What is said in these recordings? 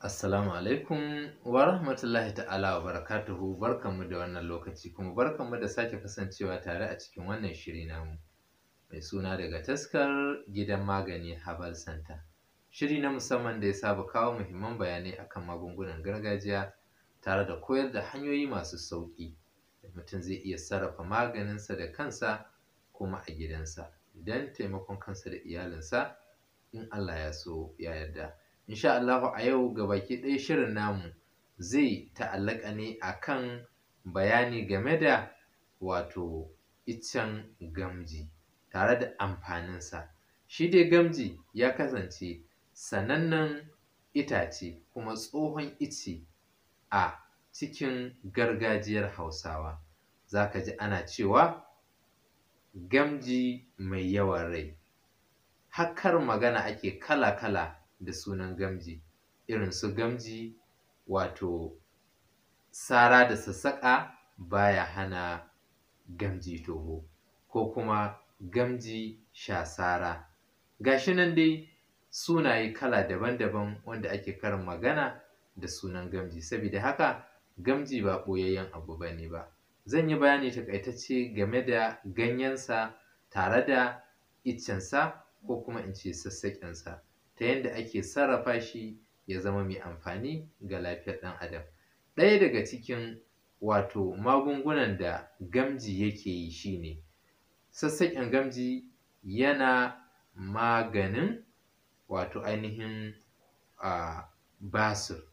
Assalamu alaikum wa rahmatullahi ta'ala wa barakatuhu barkanmu da wannan lokaci kuma barkanmu da sake kasancewa tare a cikin wannan shiri namu mai suna daga taskar gidan magani Herbal Center. Shiri na musamman da ya saba kawo muhimman bayanai akan magungunan gargajiya tare da koyar da hanyoyi masu sauƙi da mutum zai iya sarrafa maganinsa da kansa kuma a gidansa don taimakon kansa da iyalinsa in Allah ya so ya yarda. Insha Allah a yau gabaki ɗaya shirin namu zai ta'allaka ne a kan bayani game da wato iccen gamji tare da amfaninsa. Shi dai gamji ya kasance sanannen itace kuma tsohon ice a cikin gargajiyar Hausawa. Za ka ji ana cewa gamji mai yawan rai. Hakkar magana ake kala-kala da sunan gamji, irin su gamji wato sara da sassaƙa baya hana gamji toho, ko kuma gamji shasara. Ga shi nan dai sunaye kala daban-daban wanda ake karin magana da sunan gamji, saboda haka gamji ba ɓoyayyen abu ba ne ba. zan yi bayani taƙaitacce game da ganyensa tare da iccensa ko kuma in ce sassaƙensa ta yadda ake sarrafa shi ya zama mai amfani ga lafiyar ɗan adam ɗaya daga cikin wato magungunan da gamji yake yi shine sassaƙen gamji yana maganin wato ainihin ah, basir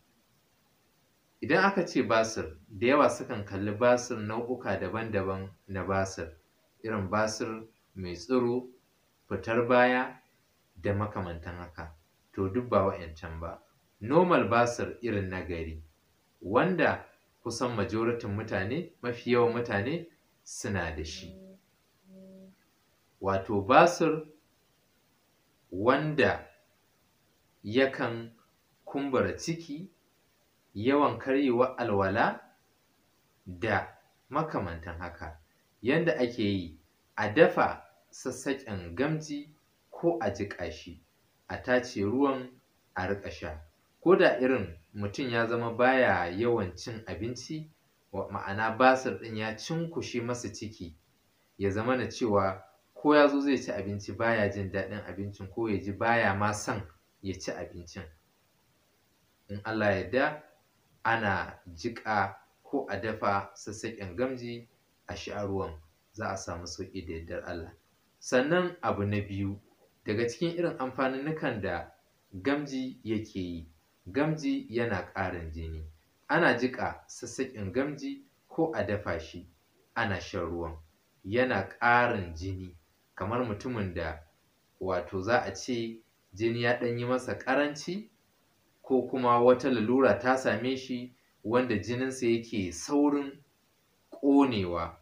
Idan aka ce Basir, da yawa sukan kalli Basir nau'uka daban-daban na Basir, irin Basir mai tsiro, fitar baya, da makamantan haka, to duk ba waɗancan ba. Normal Basir irin na gari, wanda kusan majoritin mutane, mafi yawan mutane suna da shi. Wato Basir wanda yakan kumbura ciki yawan karyewar alwala da makamantan haka. Yanda ake yi, a dafa sassaƙen gamji ko a jiƙa shi, a tace ruwan a riƙa sha. Ko da irin mutum ya zama baya yawan cin abinci, ma'ana basir ɗin ya cunkushe masa ciki, ya zama na cewa ko ya zo zai ci abinci baya jin daɗin abincin ko ya ji ba ma son ya ci abincin. In Allah ya ana jiƙa ko a dafa sassaƙen gamji a sha ruwan za a samu sauƙi da yardar Allah sannan abu na biyu daga cikin irin amfaninnukan da gamji yake yi gamji yana ƙarin jini ana jiƙa sassaƙin gamji ko a dafa shi ana shan ruwan yana ƙarin jini kamar mutumin da wato za a ce jini ya ɗan yi masa ƙaranci ko kuma wata lalura ta same shi wanda jininsa yake saurin ƙonewa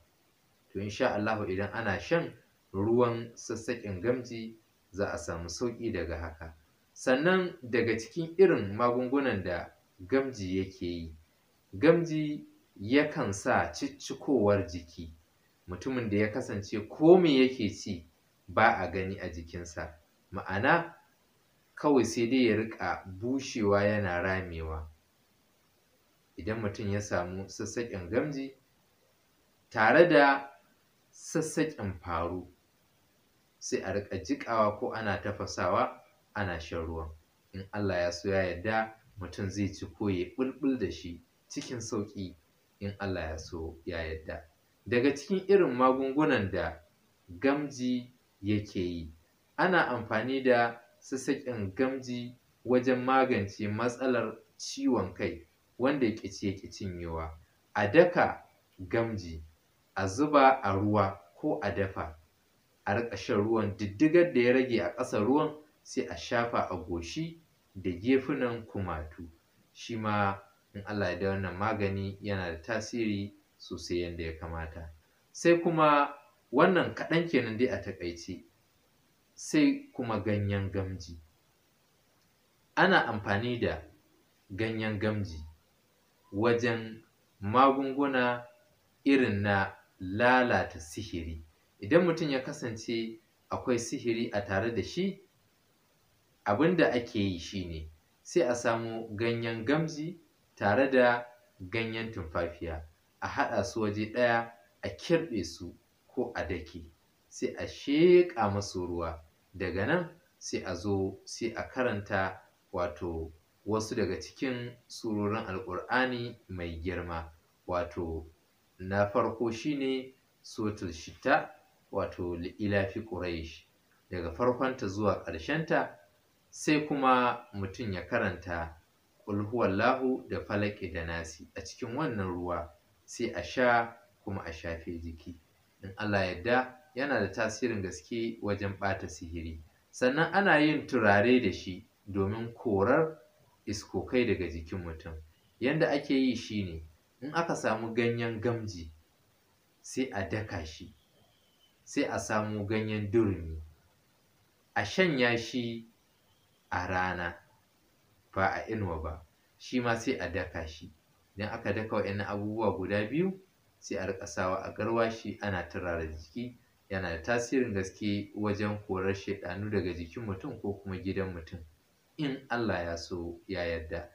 to insha Allahu idan ana shan ruwan sassaƙin gamji za a samu sauƙi daga haka sannan daga cikin irin magungunan da gamji yake yi gamji yakan sa ciccikowar jiki mutumin da ya kasance ko me yake ci ba a gani a jikinsa ma'ana kawai sai dai ya riƙa bushewa yana ramewa idan mutum ya samu sassaƙin gamji tare da sassaƙin faru sai a riƙa jiƙawa ko ana tafasawa ana shan ruwan in Allah ya so ya yarda mutum zai ci ko ya bulbul da shi cikin sauƙi in Allah ya so ya yarda daga cikin irin magungunan da gamji yake yi ana amfani da sassaƙin gamji wajen magance matsalar ciwon kai wanda ƙici ya ke cinyewa. A daka gamji, a zuba a ruwa ko a dafa, a riƙa shan ruwan diddigar da ya rage a ƙasa ruwan sai a shafa a goshi da gefunan kumatu. Shi ma in Allah da wannan magani yana da tasiri sosai yadda ya kamata. Sai kuma wannan kaɗan kenan dai a taƙaice. sai kuma ganyen gamji. Ana amfani da ganyen gamji wajen magunguna irin na lalata sihiri. Idan mutum ya kasance akwai sihiri a tare da shi, abin da ake yi shi ne, sai a samu ganyen gamji tare da ganyen tumfafiya, a haɗa su waje ɗaya, a kirɓe su ko a dake, sai a sheƙa masu ruwa. daga nan sai a zo sai a karanta wato wasu daga cikin surorin alƙur'ani mai girma wato na farko shine suratul shita wato li'ilafi quraish daga farkonta zuwa ƙarshenta sai kuma mutum ya karanta ƙulhuwallahu da falaki da nasi a cikin wannan ruwa sai a sha kuma a shafe jiki in Allah yadda yana da tasirin gaske wajen ɓata sihiri sannan ana yin turare da shi domin korar iskokai daga jikin mutum Yadda ake yi shine in aka samu ganyen gamji sai a daka shi sai a samu ganyen durumi a shanya shi a rana ba a inuwa ba shi ma sai a daka shi idan aka daka wa abubuwa guda biyu sai a rika sawa a garwashi ana turara jiki yana da tasirin gaske wajen korar shaɗanu daga jikin mutum ko kuma gidan mutum in Allah ya so ya yarda.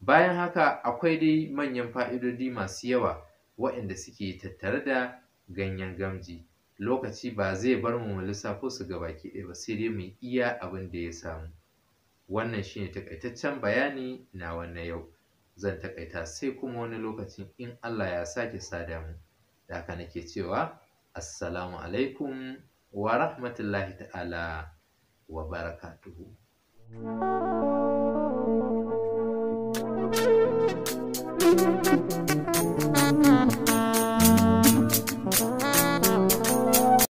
Bayan haka akwai dai manyan fa'idodi masu yawa waɗanda suke tattare da ganyen gamji. Lokaci ba zai bar mu mu lissafo su ga baki ɗaya ba sai dai mu iya abin da ya samu. Wannan shine takaitaccen bayani na wannan yau. Zan takaita sai kuma wani lokacin in Allah ya sake sada mu. Da haka nake cewa السلام عليكم ورحمة الله تعالى وبركاته Thank you.